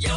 Yo.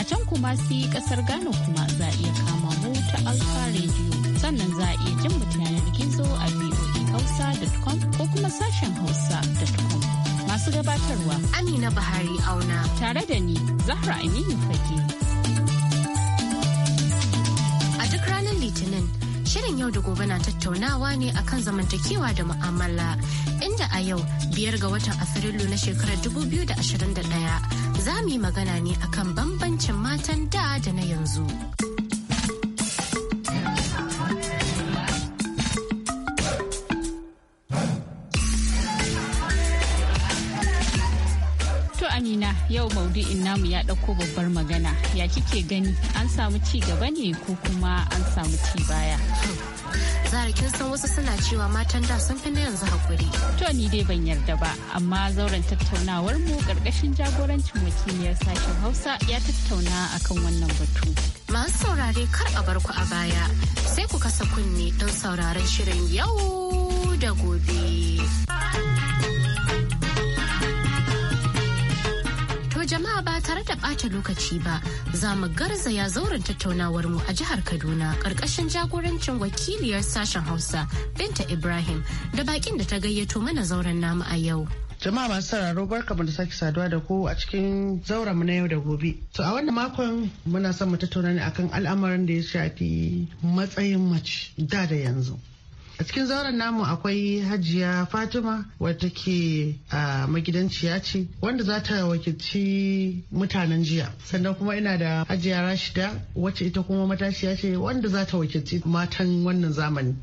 A can kuma yi kasar gano kuma za a iya kama mu ta Alfa Radio. Sannan za a iya jin mu yanar gizo a voahausa.com ko kuma sashen hausa.com. Masu gabatarwa Amina Bahari Auna. Tare da ni Zahra Aminu Fage. A duk ranar Litinin Shirin yau da gobe na tattaunawa ne akan zamantakewa da mu'amala inda a yau biyar ga watan Afrilu na shekarar 2021 za mu yi magana ne akan bambancin matan da da na yanzu. yau maudu'in namu ya ɗauko babbar magana ya kike gani an samu ci gaba ne ko kuma an samu ci baya zara kin san wasu suna cewa matan da sun fi na yanzu hakuri to ni dai ban yarda ba amma zauren tattaunawar mu karkashin jagorancin wakiliyar sashen hausa ya tattauna akan wannan batu masu saurare kar a bar ku a baya sai ku kasa kunne don sauraron shirin yau da gobe. jama'a ba tare da ɓata lokaci ba za mu garzaya zauren tattaunawar mu a jihar Kaduna ƙarƙashin jagorancin wakiliyar sashen Hausa Binta Ibrahim da bakin da ta gayyato mana zauren namu a yau. jama'a masu sauraro barka mu da sake saduwa da ku a cikin zauren mu na yau da gobe to a wannan makon muna son mu tattauna ne akan al'amarin da ya shafi matsayin mace da da yanzu a cikin zauren namu akwai hajiya fatima wadda ke a magidanciya ce wanda za ta wakilci mutanen jiya sannan kuma ina da hajiya rashida wacce ita kuma matashiya ce wanda za ta wakilci matan wannan zamani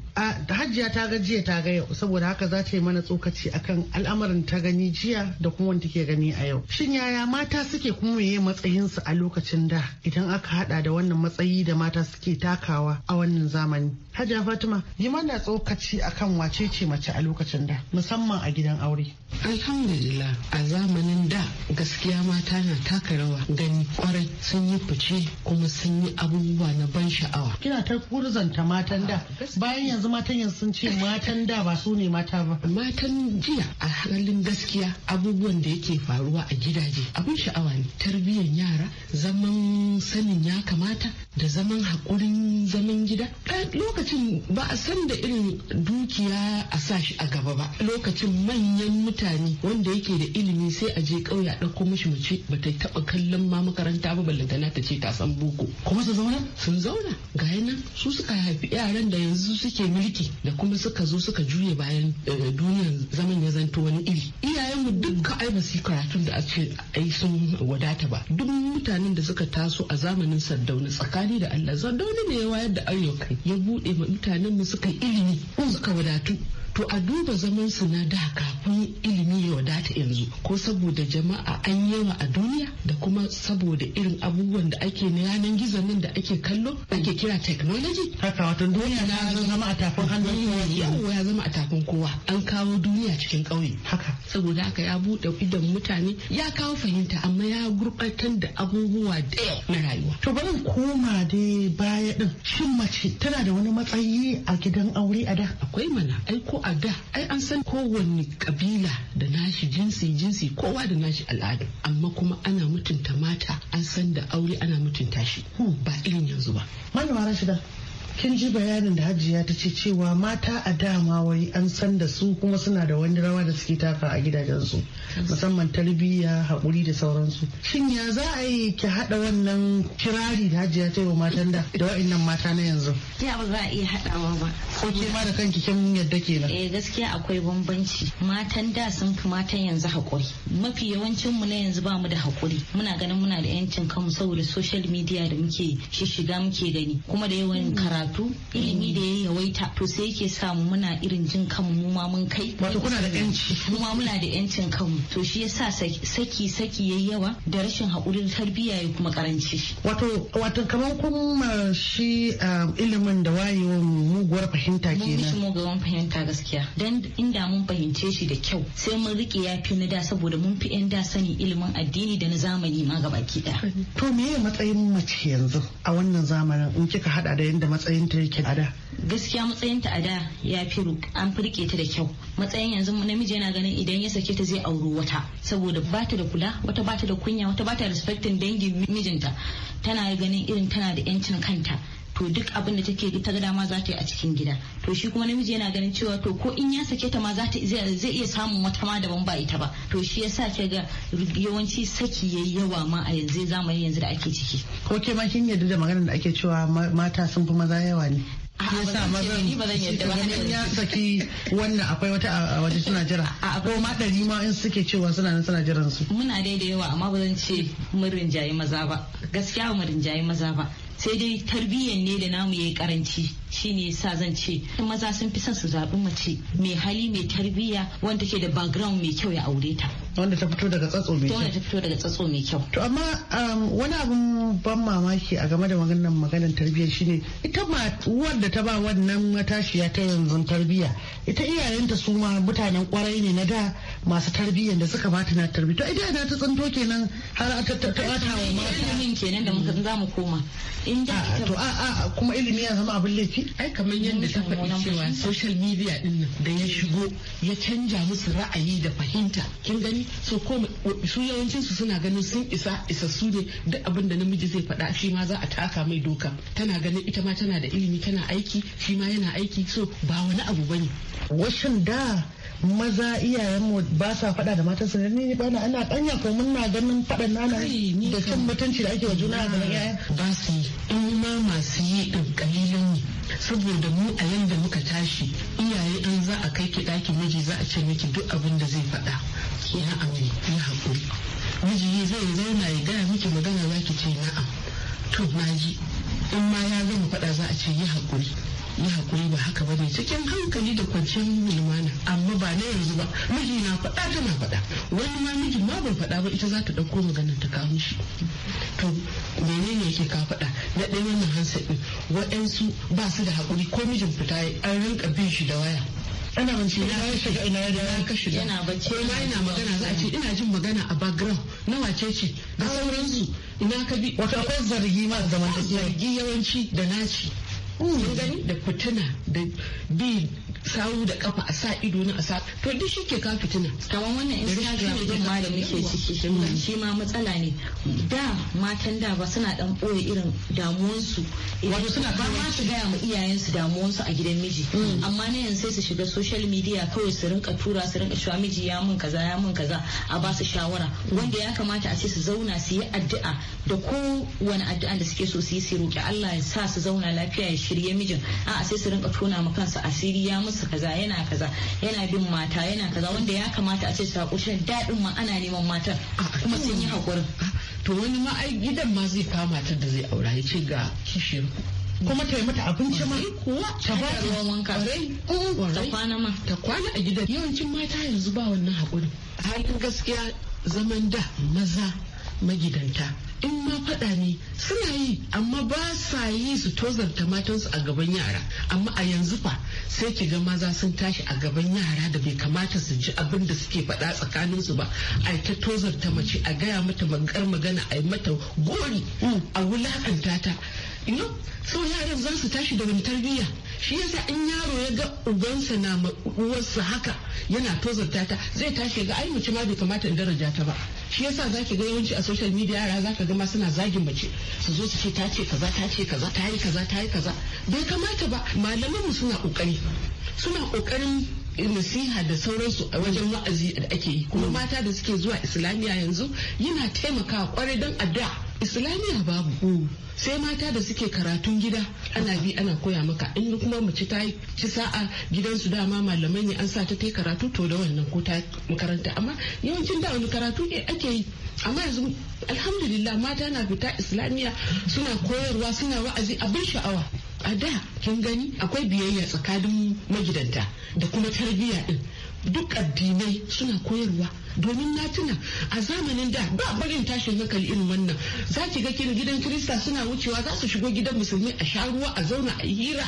hajiya ta ga jiya ta ga yau saboda haka za ta yi mana tsokaci akan al'amarin ta gani jiya da kuma wanda take gani a yau shin yaya mata suke kuma matsayin matsayinsu a lokacin da idan aka hada da wannan matsayi da mata suke takawa a wannan zamani hajjiya fatima yi mana tsokaci akan wace ce mace a lokacin da musamman a gidan aure alhamdulillah a zamanin da gaskiya mata na taka rawa gani kwarai sun yi fice kuma sun yi abubuwa na ban sha'awa kina ta kurzanta matan da bayan yanzu yanzu matan yanzu sun ce matan da ba su ne mata ba. Matan jiya a halin gaskiya abubuwan da yake faruwa a gidaje abin sha'awa ne tarbiyyar yara zaman sanin ya kamata da zaman haƙurin zaman gida. Eh, lokacin ba a san da irin dukiya a sa shi a gaba ba. Lokacin manyan mutane wanda yake da ilimi sai a je ƙauye a ɗauko mishi mace ba ta taɓa kallon ma makaranta ba ballantana ta ce ta san boko. Kuma su zauna? Sun zauna. Ga nan su suka haifi yaran da yanzu suke mulki da kuma suka zo suka juye bayan eh, duniyar zaman ya zanto wani iri iyayenmu duka ai ba su karatun da ake ai sun wadata ba duk mutanen da suka taso a zamanin sardauna tsakani da allah sardauna ne ya wayar da ayyukan ya buɗe mutanen mu suka ilimi suka wadatu to a duba zaman su na da kafin ilimi ya wadata yanzu ko saboda jama'a an yawa a duniya da kuma saboda irin abubuwan da ake na yanan gizo nan da ake kallo ake kira technology haka wato duniya na zama a tafin hannu ya zama a tafin kowa an kawo duniya cikin ƙauye haka saboda haka ya buɗe idon mutane ya kawo fahimta amma ya gurɓatar da abubuwa da na rayuwa to bari koma dai baya din shin mace tana da wani matsayi a gidan aure a da akwai mana ai ko a da ai an san kowanne kabila da nashi jinsi jinsi kowa da nashi al'adu amma kuma ana mutunta mata an san da aure ana mutunta shi ba irin yanzu ba manuwa rashida kin ji bayanin da hajiya ta ce cewa mata a dama wai an san da su kuma suna da wani rawa da suke taka a gidajensu musamman tarbiyya haƙuri da sauransu shin ya za a yi ki haɗa wannan kirari da hajiya ta yi wa matan da da wa'annan mata na yanzu ya ba za a iya haɗawa ba ko ke ma da kanki kin yadda kenan eh gaskiya akwai bambanci matan da sun fi matan yanzu hakuri. mafi yawancin mu na yanzu ba mu da hakuri. muna ganin muna da yancin kanmu saboda social media da muke shiga muke gani kuma da yawan karatu karatu ilimi da ya yawaita to sai yake samu muna irin jin kanmu mu ma mun kai wato kuna da yanci mu ma muna da yancin kanmu to shi yasa saki saki yayi yawa da rashin haƙurin tarbiyya ya kuma karanci wato wato kamar kuma shi um, ilimin da wayewa muguwar fahimta kenan mun shi muguwar fahimta gaskiya dan inda mun fahimce shi da kyau sai mun rike yafi na da saboda mun fi yan da sani ilimin addini da na zamani ma ki daya to me matsayin mace yanzu a wannan zamanin in kika hada da yanda matsayin matsayin ta yake a da gaskiya matsayin ta a da ya fi an firke ta da kyau matsayin yanzu namiji yana ganin idan ya sake ta zai auro wata saboda bata da kula wata bata da kunya wata bata respectin dangin mijinta tana ganin irin tana da yancin kanta to duk abin da take ta ga dama za ta yi a cikin gida to shi kuma namiji yana ganin cewa to ko in ya sake ta ma za ta zai iya samun wata ma daban ba ita ba to shi yasa ke ga yawanci saki yayi yawa ma a yanzu zamani yanzu da ake ciki ko ke ma kin yadda da maganar da ake cewa mata sun fi maza yawa ne ya sa mazan ganin ya saki wannan akwai wata a waje suna jira ko ma ɗari ma in suke cewa suna nan suna jiran su muna dai yawa amma ba zan ce mun rinjaye maza ba gaskiya mun rinjaye maza ba sai dai tarbiyyar ne da namu yayi karanci shine sa zan ce maza sun fi son su zaɓi mace mai hali mai tarbiyya wanda ke da background mai kyau ya aure ta wanda ta fito daga tsatso mai kyau wanda ta fito daga tsatso mai kyau to amma um, wani abun ban mamaki a game da maganar maganar tarbiyya shine ita ma da ta ba wannan matashiya ta yanzu tarbiyya ita iyayenta su ma mutanen kwarai ne na da masu tarbiyyar da suka bata na tarbiyyar to idan da ta tsanto kenan har aka tabbata wa mata ilimin kenan da muka za mu koma in da to a a kuma ilimi ya zama abin laifi ai kamar yadda ta faɗi cewa social media din da ya shigo ya canja musu ra'ayi da fahimta kin gani so ko su yawancin su suna ganin sun isa isa su ne duk abin da namiji zai faɗa shi ma za a taka mai doka tana ganin ita ma tana da ilimi tana aiki shi ma yana aiki so ba wani abu bane washin da maza iyayenmu ba sa faɗa da matan su ni ba na ana ɗanya ko mun na ganin faɗan nana da cin mutunci da ake wa juna a gaban iyayen. Ba su yi in ma masu yi ɗin ƙalilan ne saboda mu a yanda muka tashi iyaye an za a kai ki ɗaki miji za a ce miki duk abin da zai faɗa. Ya amini ya haƙuri. Miji zai zauna ya gaya miki magana za ki ce na'am. To na ji in ma ya zama faɗa za a ce yi hakuri. na hakuri ba haka ba ne cikin hankali da kwanciyar lumana amma ba na yanzu ba miji na faɗa tana faɗa wani ma miji ma ban faɗa ba ita za ta ɗauko magana ta kawo shi to menene yake ka faɗa na ɗaya na hansa ɗin waɗansu ba su da hakuri ko mijin fita an rinka bin shi da waya ana wance na shiga ina da ya kashi da yana ko ma ina magana za a ce ina jin magana a background na wace ce da sauransu ina ka bi wata akwai zargi ma zaman zargi yawanci da naci kun da fitina da bi sawu da kafa a sa ido na a sa to duk shi ke ka fitina kamar wannan instagram din ma da muke ciki mm. shi ma matsala ne da matan da ba suna dan boye irin damuwansu wato suna ba ma su gaya ma iyayensu damuwansu a gidan miji mm. amma na yanzu sai su shiga social media kawai su rinka tura su rinka cewa miji ya mun kaza ya mun kaza a ba su shawara mm. wanda ya kamata a ce su zauna su yi addu'a da kowane addu'a da suke so su yi su roki Allah ya sa su zauna lafiya ya shirye mijin a'a sai su rinka tona ma kansu asiri ya musu kaza yana kaza yana bin mata yana kaza wanda ya kamata a ce sakushin daɗin ma ana neman mata kuma sun yi haƙurin. to wani ma ai gidan ma zai kama ta da zai aura ya ce ga kishiyar kuma ta yi mata abinci ma kuwa ta ba ta ruwan wanka ta kwana ma ta kwana a gidan yawancin mata yanzu ba wannan haƙuri halin gaskiya zaman da maza magidanta in ma faɗa ne suna yi amma ba sa yi su tozarta matansu a gaban yara amma a yanzu fa sai ki ga maza sun tashi a gaban yara da bai kamata su ji abin da suke faɗa tsakanin su ba a ta tozarta mace a gaya mata bakar magana a yi mata gori mm, a wulakanta ta Ino yaran za su tashi da wani tarbiyya shi yasa in yaro ya ga ugansa na uwarsa haka yana tozarta ta zai tashi ga ai mace ma bai kamata in daraja ta ba shi yasa za ki ga yawanci a social media yara za ka ga ma suna zagin mace su zo su ce ta ce kaza ta ce kaza ta yi kaza ta yi kaza bai kamata ba malaman mu suna kokari suna kokarin nasiha da sauransu a wajen wa'azi da ake yi kuma mata da suke zuwa islamiyya yanzu yana taimakawa kwarai don a da islamiyya babu mm. sai mata da suke karatun gida ana bi ana koya maka in kuma mace ta ci sa'a gidansu dama malamai ne an sa ta ta karatu to da wannan ko ta makaranta amma yawancin da wani karatu ne ake yi amma yanzu alhamdulillah mata na fita islamiyya suna koyarwa suna wa'azi abin sha'awa a da kin gani akwai biyayya tsakanin magidanta da kuma tarbiyya din duk addinai suna koyarwa domin na tuna a zamanin da ba barin tashin hankali irin wannan za ki ga kin gidan kirista suna wucewa za su shigo gidan musulmi a sha ruwa a zauna a hira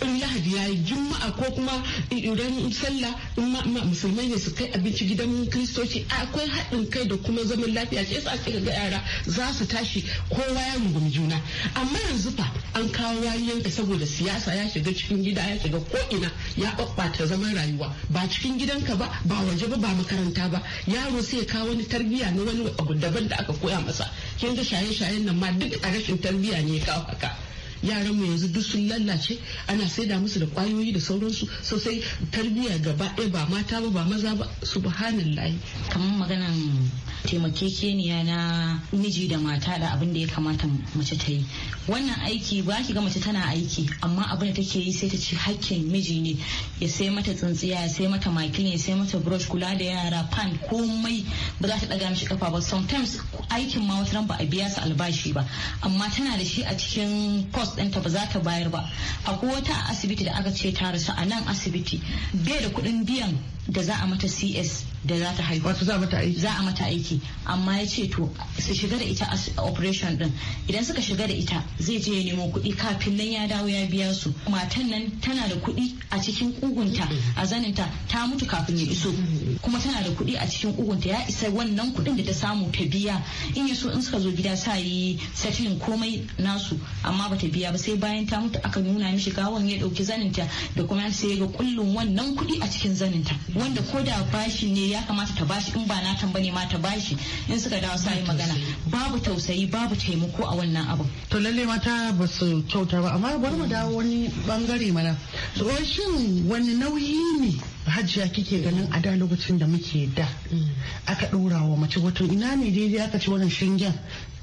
in lahadi ya yi juma'a ko kuma idan sallah in musulmai ne su kai abinci gidan kiristoci akwai haɗin kai da kuma zaman lafiya ce yasa ake ga yara za su tashi kowa ya rungumi juna amma yanzu fa an kawo wayoyin ka saboda siyasa ya shiga cikin gida ya shiga ko ina ya ɓaɓɓata zaman rayuwa ba cikin gidanka ba ba waje ba ba makaranta ba yaro sai ka wani tarbiya na wani abu daban da aka koya masa kin ga shaye-shayen nan ma duk a rashin tarbiya ne kawo haka yaran mu yanzu duk sun lallace ana saida musu da kwayoyi da sauransu sosai tarbiyya gaba ɗaya ba mata ba ba maza ba subhanallahi kamar maganan taimakekeniya na miji da mata da abin da ya kamata mace ta yi wannan aiki ba ki ga mace tana aiki amma abin da take yi sai ta ci hakkin miji ne ya sai mata tsintsiya ya sai mata makilin ya sai mata brush kula da yara pan komai ba za ta daga mishi kafa ba sometimes aikin ma wata ba a biya su albashi ba amma tana da shi a cikin post course ɗinta ba za ta bayar ba akwai wata asibiti da aka ce ta rasu a nan asibiti bai da kuɗin biyan da za a mata cs da za ta haihu wato za a mata aiki za a mata aiki amma ya ce to su shiga da ita operation din idan suka shiga da ita zai je ya nemo kuɗi kafin nan ya dawo ya biya su matan nan tana da kuɗi a cikin kugunta a zaninta ta mutu kafin ya iso kuma tana da kuɗi a cikin kugunta ya isa wannan kuɗin da ta samu ta biya in ya so in suka zo gida sa yi settling komai nasu amma ba ta biya ba sai bayan ta mutu aka nuna mishi gawan ya ɗauki zaninta da kuma sai ga kullun wannan kuɗi a cikin zaninta wanda ko da bashi ne ya kamata ta bashi in ba na ne ma ta bashi in suka dawo sai magana babu tausayi babu taimako a wannan abu to lalle mata ba su kyauta ba amma bari mu dawo wani bangare mana so shin wani nauyi ne hajiya kike ganin a da lokacin da muke da mm. aka ɗora wa mace wato ina ne daidai aka ci wannan shingen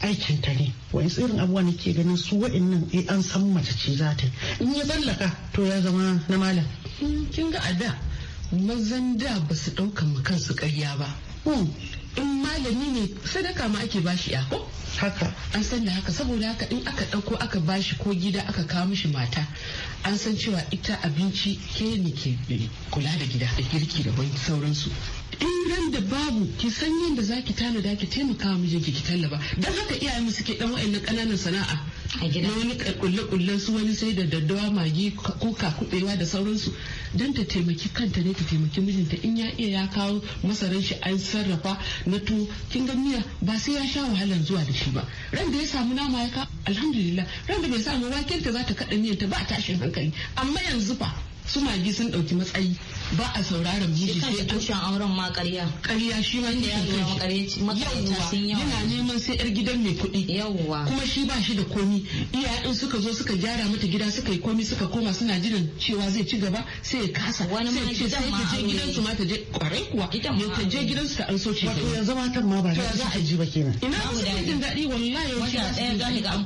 aikin ta ne wani tsirin abuwa ne ke ganin su wa'annan eh, an san mace ce za ta in ya tsallaka to ya zama na malam mm, kin ga a da mazan da ba su ɗauka ma kansu ƙarya ba hmm, in malami ne sadaka ma ake bashi ya ko oh, haka an san da haka saboda haka in aka ɗauko aka bashi ko gida aka kawo mishi mata an san cewa ita abinci ke ne ke kula da gida da girki da wani sauransu in ran da babu ki san yadda za ki tanada ki taimaka wa mijinki ki tallaba don haka iyaye mu suke dan wa'annan kananan sana'a gida wani kulle kullen su wani sai da daddawa magi kuka kuɗewa da sauransu don ta taimaki kanta ne ta taimaki mijinta in ya iya ya kawo masaran shi an sarrafa na tuwo kin ga miya ba sai ya sha wahalan zuwa da shi ba ran da ya samu nama ya ka alhamdulillah ran da bai samu waken ta za ta kada miyan ta ba tashin hankali amma yanzu fa su magi sun dauki matsayi ba a sauraron miji sai an shan auren ma ƙarya ƙarya shi ma ne yawa yana neman sai yar gidan mai kuɗi yawa kuma shi ba shi da komi iyayen suka zo suka gyara mata gida suka yi komi suka koma suna jiran cewa zai ci gaba sai ya kasa wani ma ce sai ta je gidan su ma ta je kwarai kuwa ya ta je gidan su ta an soce wato yanzu matan ma ba da za a ji ba kenan ina su su jin daɗi wallahi yawanci a ɗaya gani ga an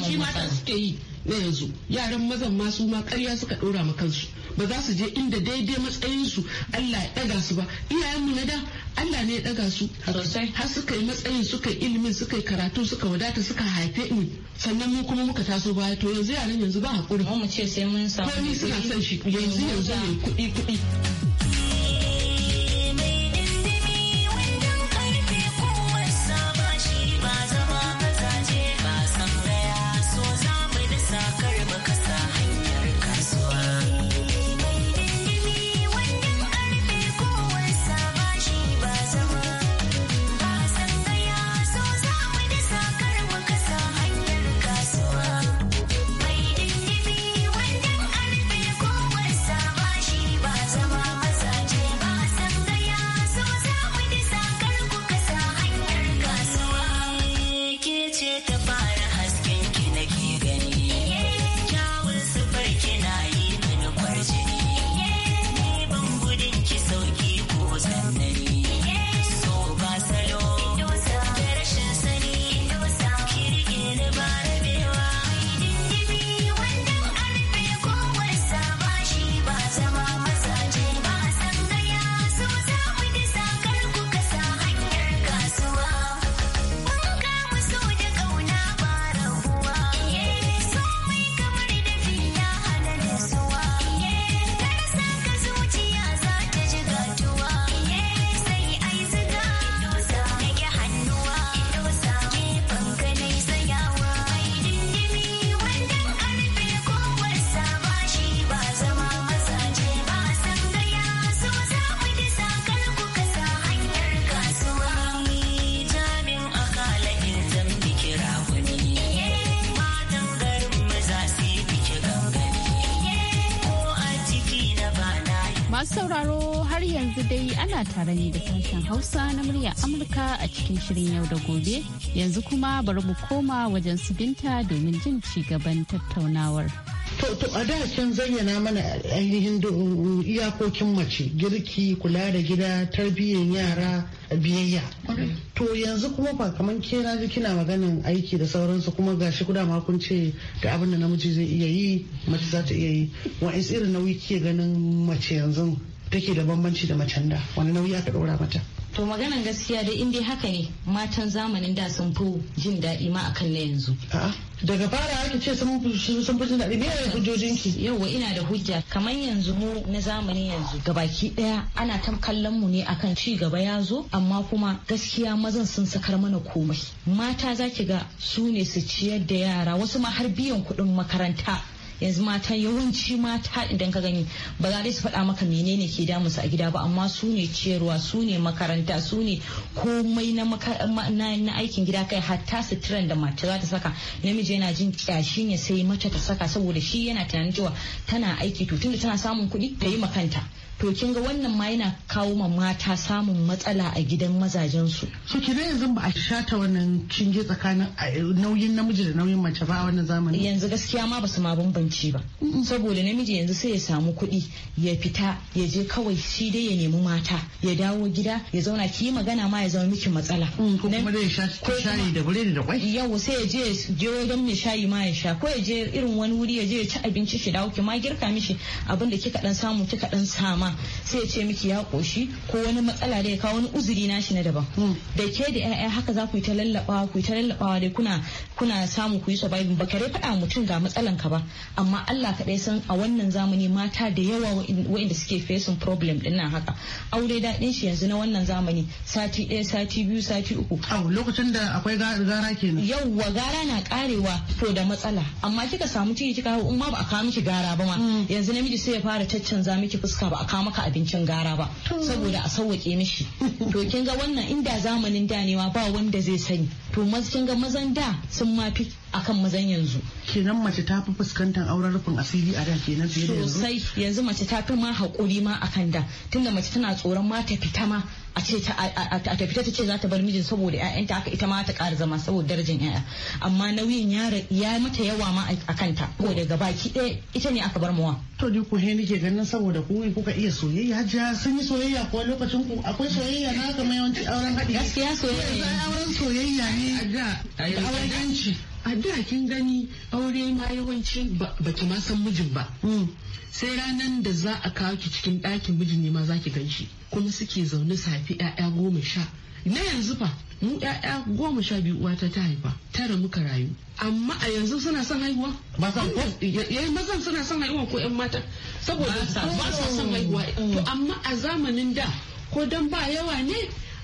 samun mata suke yi na yanzu yaran mazan ma su ma ƙarya suka ɗora ma kansu ba za su je inda daidai matsayinsu Allah ya ɗaga su ba mu na da Allah ne ya ɗaga su har suka yi matsayin suka yi ilimin suka yi karatu suka wadata suka haife ni sannan mu kuma muka taso baya to yanzu yaran yanzu ba hakuri mu ce sai mun samu kuɗi suna son shi yanzu yanzu ne kuɗi kuɗi tare da sashen Hausa na murya Amurka a cikin shirin yau da gobe. Yanzu kuma bari mu koma wajen su binta domin jin ci gaban tattaunawar. To, a da can zayyana mana ainihin iyakokin mace, girki, kula da gida, tarbiyyar yara, biyayya. To yanzu kuma ba kamar ke na kina maganin aiki da sauransu kuma gashi kuda makunce ce da abin da namiji zai iya yi, mace za ta iya yi. Wa irin nauyi ke ganin mace yanzu take da bambanci da macen da wani nauyi aka ɗora mata to maganan gaskiya dai in dai haka ne matan zamanin da sun fi jin daɗi ma akan na yanzu daga fara ake ce sun fi jin daɗi ne hujjojin ki yauwa ina da hujja kamar yanzu mu na zamanin yanzu gabaki ɗaya ana ta kallon mu ne akan ci gaba ya zo amma kuma gaskiya mazan sun sakar mana komai mata za ki ga su ne su ciyar da yara wasu ma har biyan kuɗin makaranta yanzu mata yawanci mata idan ka gani ba za su faɗa maka menene ke su a gida ba amma su ne ciyarwa su ne makaranta su ne komai na aikin gida kai hatta suturan da mace za ta saka namiji yana jin kyashi ne sai mata ta saka saboda shi yana tunanin cewa tana aiki to tunda tana samun kuɗi ta yi makanta to kin ga wannan ma yana kawo ma mata samun matsala a gidan mazajen su so kina yanzu ba a shata wannan kinge tsakanin nauyin namiji da nauyin mace ba a wannan zamanin. yanzu gaskiya ma basu ma bambanci ba saboda namiji yanzu sai ya samu kuɗi ya fita ya je kawai shi dai ya nemi mata ya dawo gida ya zauna ki yi magana ma ya zama miki matsala mm, kuma da shayi da biredi da kwai yau sai ya je je wajen mai shayi ma ya sha ko ya je irin wani wuri ya je ya ci abinci shi dawo ki ma girka mishi abin da kika dan samu kika dan sama ma sai ce miki ya koshi ko wani matsala da ya kawo wani uzuri na shi na daban hmm. da ke da 'ya'ya haka za ku yi ta lallabawa ku yi ta lallabawa dai kuna kuna samu ku yi surviving ba kare faɗa mutum ga matsalan ka ba amma Allah kaɗai san a wannan zamani mata da yawa waɗanda suke facing problem din nan haka aure daɗin shi yanzu na wannan zamani sati ɗaya sati biyu sati uku lokacin da akwai gara kenan yawwa gara na karewa to da matsala amma kika samu ciki kika in ma ba a kawo miki gara ba ma hmm. yanzu namiji sai ya fara caccanza miki fuska ba a kawo maka abincin gara ba saboda a sauwake mishi to kin ga wannan inda zamanin da ne ba wanda zai sani to kin ga mazan da sun mafi akan mazan yanzu kenan mace ta fi fuskantar auren rufin asiri a da kenan fiye da yanzu sosai yanzu mace ta fi ma haƙuri ma akan da tunda mace tana tsoron ma ta fita ma a ce a tafi ta ce za ta bar mijin saboda 'ya'yanta haka ita ma ta ƙara zama saboda darajin 'ya'ya amma nauyin ya mata yawa ma a kanta ko daga baki ɗaya ita ne aka bar mawa. to ni ku he nake ganin saboda ku kuka iya soyayya ja sun yi soyayya ko lokacin ku akwai soyayya na haka yawanci auren haɗi gaskiya soyayya auren soyayya ne a da auren ganci a da kin gani aure ma yawanci ba ki ma san mijin ba hmm. sai ranan da za a kawo ki cikin ɗakin mijin ne ma za ki gan shi kuma suke zaune safi 'ya'ya goma sha na yanzu fa mu 'ya'ya goma sha biyu uwata ta haifa tara muka rayu amma a yanzu suna son haihuwa Ba mazan suna son haihuwa ko 'yan mata saboda ba sa son haihuwa to amma a zamanin da ko dan ba yawa ne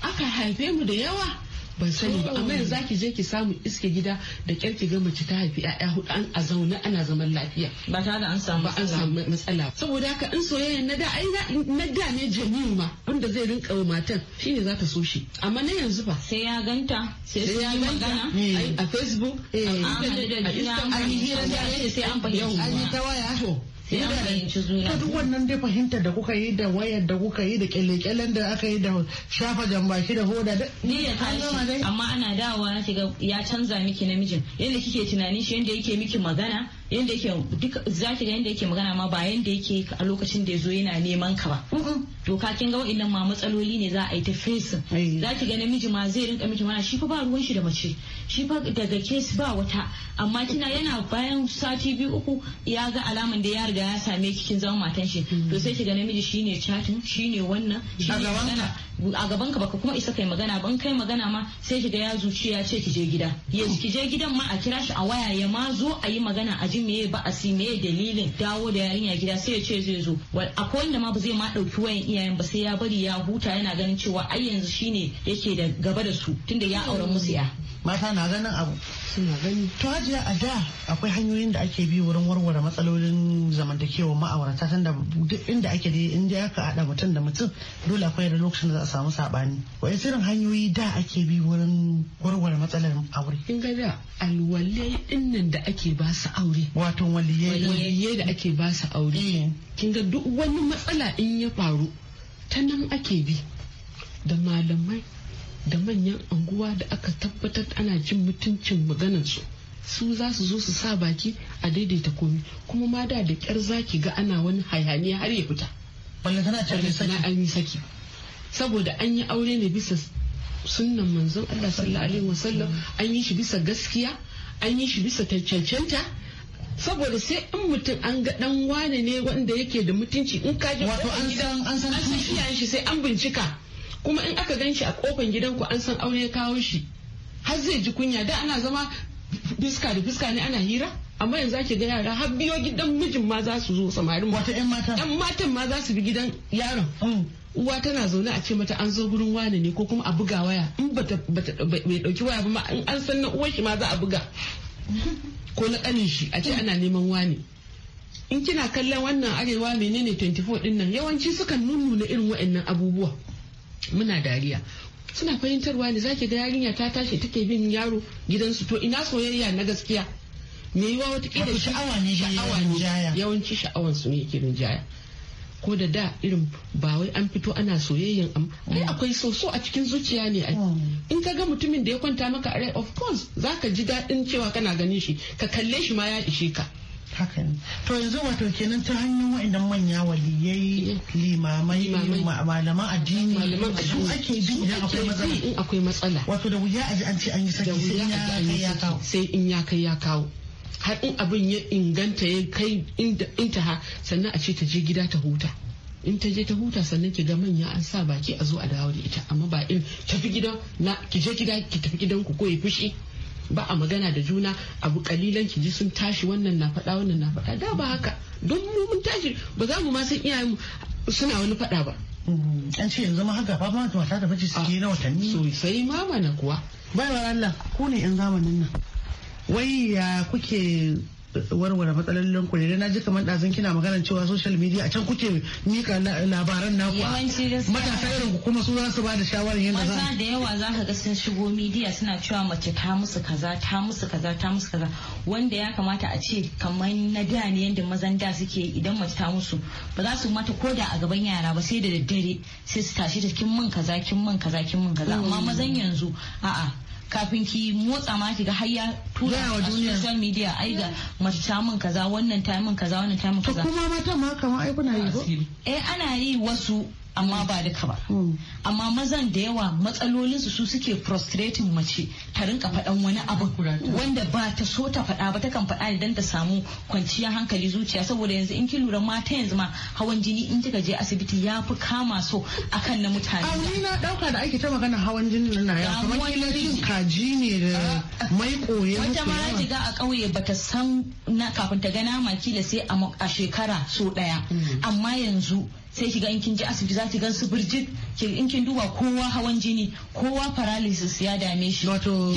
aka haife mu da yawa ban sani ba amma yanzu zaki je ki samu iske gida da kyar ki gama mace ta haifi ya'ya hudu an a zaune ana zaman lafiya ba ta da an samu Ba an samu matsala saboda haka in soyayya na da ai na da ne jami'u ma wanda zai rinka wa matan shine za ta so shi amma na yanzu ba sai ya ganta sai ya ganta eh, a facebook eh, a instagram a hira da sai an fahimta an yi ta waya sai an fahimci juna duk wannan dai fahimtar da kuka yi da wayar da kuka yi da kyale-kyalen da aka yi da shafa jambaki da hoda da ni ya tashi amma ana dawowa na shiga ya canza miki namijin yadda kike tunani shi yadda yake miki magana yadda yake duk zaki ga yadda yake magana ma ba yanda yake a lokacin da ya zo yana neman ka ba to ka kin ga wa'annan ma matsaloli ne za a yi ta fesin zaki ga namiji ma zai rinka miki mana shi fa ba ruwan shi da mace shi fa daga kes ba wata amma kina yana bayan sati biyu uku ya ga alaman da ya riga ya same ki kin zama matan shi mm. to sai ki ga namiji shine chatin shine wannan shi ne a gaban ka baka kuma isa kai magana ban kai magana ma sai kiga ya zuci ya ce ki je gida ya ki je gidan ma a kira shi a waya ya ma zo a yi magana a ji meye ba a si meye dalilin dawo da yarinya gida sai ya ce zai zo akwai wanda ma ba zai ma dauki wayan iyayen ba sai ya bari ya huta yana ganin cewa ai yanzu shine yake da gaba da su tunda ya aure musu ya mata na ganin abu suna gani to hajiya a da akwai hanyoyin da ake bi wurin warware matsalolin zamantakewa ma'aurata tunda duk inda ake da inda aka haɗa mutum da mutum dole akwai da lokacin da za a samu sabani wai irin hanyoyi da ake bi wurin warware matsalar aure kin ga da alwalai dinnan da ake ba su aure wato Waliye. waliyai da ake ba su aure eh. kin ga duk wani matsala in ya faru ta nan ake bi da malamai da manyan anguwa da aka tabbatar ana jin mutuncin maganarsu su za su zo su sa baki a daidaita komi kuma ma da da kyar zaki ga ana wani hayaniya har ya fita yi saki saboda an yi aure ne bisa sunnan manzon Allah sallallahu alaihi wasallam an yi shi bisa gaskiya an yi shi bisa cancanta saboda sai in mutum an ga dan wane ne wanda yake da mutunci in ka ji wato an san an san shi sai an bincika kuma in aka gan shi a kofan gidanku an san aure ya kawo shi har zai ji kunya da ana zama fiska da fiska ne ana hira amma yanzu ake ga yara har biyo gidan mijin ma za su zo samarin wata yan mata yan matan ma za su bi gidan yaron hmm. uwa tana zaune a ce mata an zo gurin wani ne ko kuma a buga waya in bata bai dauki waya ba in an san na uwar shi ma za a buga ko na kanin shi a ce ana neman wani in kina kallon wannan arewa menene 24 din nan yawanci sukan nunnuna irin wa'annan abubuwa muna dariya suna fahimtarwa ne zaki ga yarinya ta tashi take bin yaro gidansu to ina soyayya na gaskiya me yiwa wata kila sha'awa ne sha'awa ne yawanci sha'awan su ne yake rinjaya ko da da irin ba wai an fito ana soyayyan am ai mm. akwai soso a cikin zuciya ne ai mm. in ka ga mutumin da ya kwanta maka a rai of course zaka ji daɗin cewa kana ganin shi ka kalle shi ma ya ishe ka haka ne to yanzu wato kenan ta hanyar waɗannan manya waliyai limamai malaman addini su ake bi idan akwai matsala wato da wuya a ji an ce an yi saki sai in ya kai ya kawo har in abin ya inganta ya kai inta ha sannan a ce ta je gida ta huta in ta je ta huta sannan ki ga manya an sa baki a zo a dawo da ita amma ba in tafi gida na ki je gida ki tafi ku ko ya fushi ba a magana da juna abu kalilan ki ji sun tashi wannan na faɗa wannan na faɗa da ba haka don mu mun tashi ba za mu ma san iyayen mu suna wani faɗa ba mm-hmm. an ce yanzu ma haka ba ma mata da miji suke na watanni ah, sosai ma na kuwa bai wa Allah ku ne yan zamanin nan wai ya kuke warware matsalolin ku ne na ji kamar ɗazin kina magana cewa social media a can kuke mika labaran naku matasa irin ku kuma su za su ba da shawarar yadda za a da yawa za ka ga sun shigo media suna cewa mace ta musu kaza ta musu kaza ta musu kaza wanda ya kamata a ce kamar na da ne yadda mazan da suke idan mace ta musu ba za su mata ko da a gaban yara ba sai da daddare sai su tashi da kin min kaza kin min kaza kin min kaza mm. amma mazan yanzu a'a kafin ki motsa ma ki ga har ya tura a social media ai ga mace ta min kaza wannan ta min kaza wannan ta min kaza to kuma matan ma kamar ai kuna yi ko eh ana yi wasu amma ba duka ba hmm. amma mazan da yawa matsalolinsu su suke prostrating mace ta rinka faɗan wani abu wanda ba ta so ta faɗa ba ta kan faɗa idan ta samu kwanciyar hankali zuciya saboda yanzu in ki lura mata yanzu ma hawan jini in kika je asibiti ya fi kama so akan na mutane ni na ɗauka da ake ta magana hawan jini na ya kamar kila cin kaji ne da mai koye wata ma jiga a kauye bata san na kafin ta ga nama kila sai a shekara so ɗaya hmm. amma yanzu sai kiga in kin je asibiti za ki gan su birjik in kin duba kowa hawan jini kowa paralysis ya dame shi wato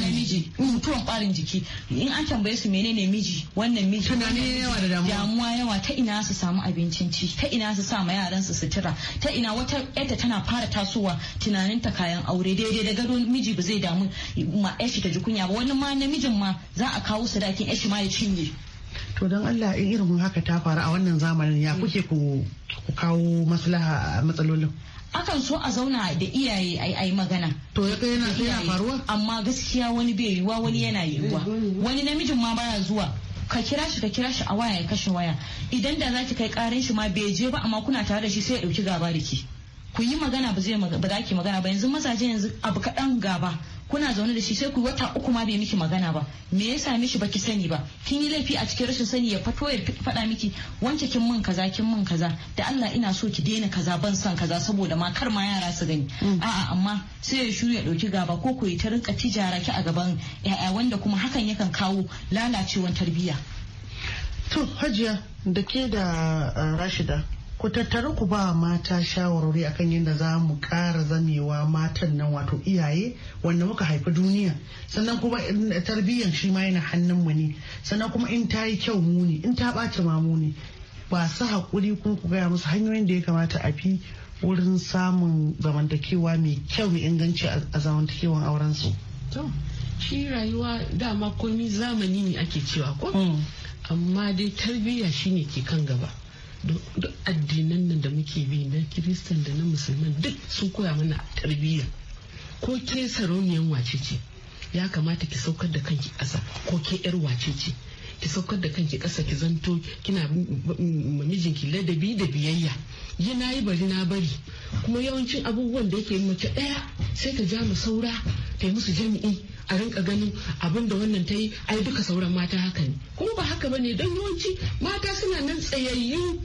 namiji mutuwan barin jiki in an tambaye su menene miji wannan miji tunani yawa da damuwa damuwa yawa ta ina su samu abincin ci ta ina su sa ma yaran su sutura ta ina wata yadda tana fara tasowa tunanin ta kayan aure daidai da gado miji ba zai damu ma yashi ta ji kunya ba wani ma namijin ma za a kawo sadakin yashi ma ya cinye to don Allah in irin haka ta faru a wannan zamanin ya kuke ku kawo maslaha a matsalolin akan so a zauna da iyaye ai ai magana to ya kai yana faruwa amma gaskiya wani bai yiwuwa wani yana yiwuwa wani namijin ma baya zuwa ka kira shi ka kira shi a waya ya kashe waya idan da za ki kai karin shi ma bai je ba amma kuna tare da shi sai ya dauki gaba da ki ku yi magana ba zai ba za ki magana ba yanzu mazaje yanzu abu kaɗan gaba kuna zaune da shi sai ku wata uku ma bai miki magana ba me ya same shi baki sani ba kin yi laifi a cikin rashin sani ya fato ya faɗa miki wanke kin min kaza kin min kaza da Allah ina so ki daina kaza ban san kaza saboda ma kar ma yara su gani mm. a'a amma sai ya shiru ya dauki gaba ko ku yi ta rinka tijara ki a gaban yaya wanda kuma hakan yakan kawo lalacewar tarbiyya to hajiya da ke da eh, rashida ku tattaru ku ba mata shawarwari akan yadda za mu kara zamewa matan nan wato iyaye wanda muka haifi duniya sannan kuma tarbiyyan shi ma yana hannun mu ne sannan kuma in ta yi kyau mu ne in ta ɓaci ma mu ne ba su haƙuri kuma ku gaya musu hanyoyin da ya kamata a fi wurin samun zamantakewa mai kyau mai inganci a zamantakewan auren su. shi rayuwa dama komi zamani ne ake cewa ko mm. amma dai tarbiyya shine ke kan gaba duk addinan nan da muke bi na kiristan da na musulman duk sun koya mana tarbiyya ko ke sarauniyan wace ce ya kamata ki saukar da kanki ƙasa ko ke yar wace ce ki saukar da kanki kasa ki zanto kina mijinki ladabi da biyayya yi na yi bari na bari kuma yawancin abubuwan da yake mace ɗaya sai ka ja mu saura ta yi musu jami'i a rinka ganin abin da wannan ta yi ai duka sauran mata haka ne kuma ba haka ba ne don yawanci mata suna nan tsayayyu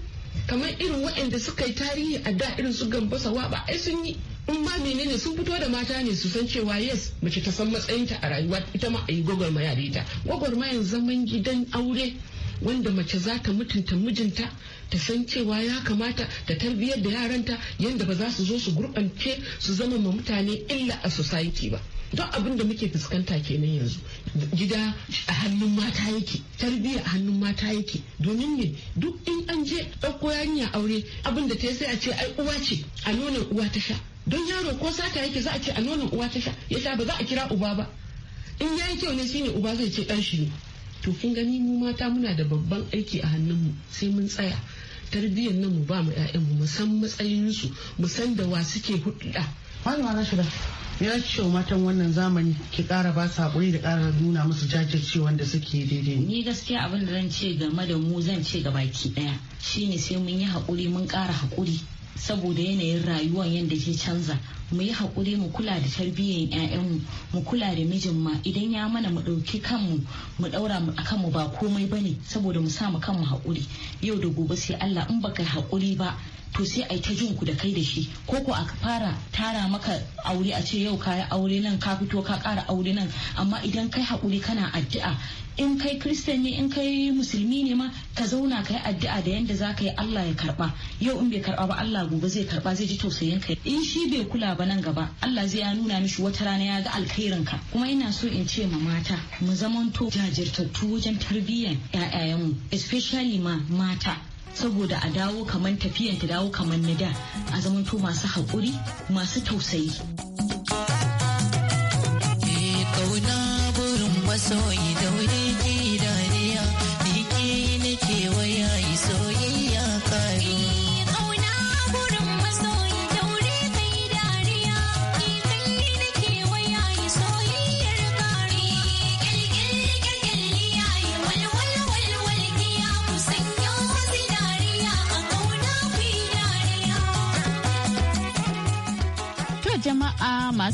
kamar irin waɗanda suka yi tarihi a da irin su sawa ba ai sun yi in ma menene sun fito da mata ne su san cewa yes mace ta san matsayinta a rayuwa ita ma a yi gwagwarmaya da gwagwarmayan zaman gidan aure wanda mace za ta mutunta mijinta ta san cewa ya kamata ta tarbiyyar da yaranta yanda ba za su zo su gurɓance su zama ma mutane illa a society ba don abin da muke fuskanta kenan yanzu gida a hannun mata yake tarbiyya a hannun mata yake domin ne duk in an je ɗauko yarinya aure abin da ta sai a ce ai uwa ce a nonon uwa ta sha don yaro ko sata yake za a ce a nonon uwa ta sha ya sha ba za a kira uba ba in ya yi kyau ne shine uba zai ce ɗan shi ne to kin gani mu mata muna da babban aiki a hannunmu sai mun tsaya tarbiyyar nan mu ba mu 'ya'yanmu mu san matsayinsu mu san da wa suke hulɗa. Malama na shiga. ya ce matan wannan zamani ki kara ba su haƙuri da kara nuna musu jajircewan da suke daidai ni gaskiya abin da zan ce game da mu zan ce ga baki daya shine sai mun yi haƙuri mun kara haƙuri saboda yanayin rayuwan yadda ke canza mu yi haƙuri mu kula da tarbiyyar 'ya'yanmu mu kula da mijin ma idan ya mana mu ɗauki kanmu mu ɗaura a kanmu ba komai ba ne saboda mu sa mu kanmu haƙuri yau da gobe sai Allah in baka haƙuri ba to sai a yi ta jinku da kai da shi ko ko a fara tara maka aure a ce yau kayi aure nan ka fito ka ƙara aure nan amma idan kai haƙuri kana addu'a in kai kristan ne in kai musulmi ne ma ka zauna ka yi addu'a da yanda za ka yi Allah ya karba yau in bai karba ba Allah gobe zai karba zai ji tausayin ka in shi bai kula ba nan gaba Allah zai ya nuna mishi wata rana ya ga alkhairin ka kuma ina so in ce ma mata mu zamanto jajirtattu wajen tarbiyyar mu. especially ma mata saboda a dawo kaman tafiyan ta dawo kaman na da a zamanto masu haƙuri masu tausayi. Ƙauna eh, burin masoyi daure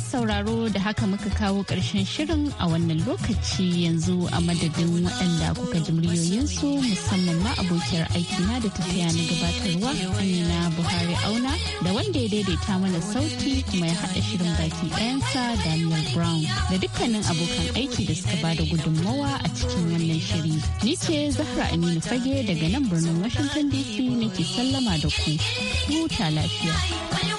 sauraro da haka muka kawo ƙarshen shirin a wannan lokaci yanzu a madadin waɗanda kuka ji muryoyinsu musamman ma abokiyar aikina da tafiya na gabatarwa amina buhari auna da wanda ya daidaita mana sauti kuma ya haɗa shirin baki ɗayansa daniel brown da dukkanin abokan aiki da suka ba da gudunmawa a cikin wannan shiri ni ce zahra aminu fage daga nan birnin washington dc nake sallama da ku huta lafiya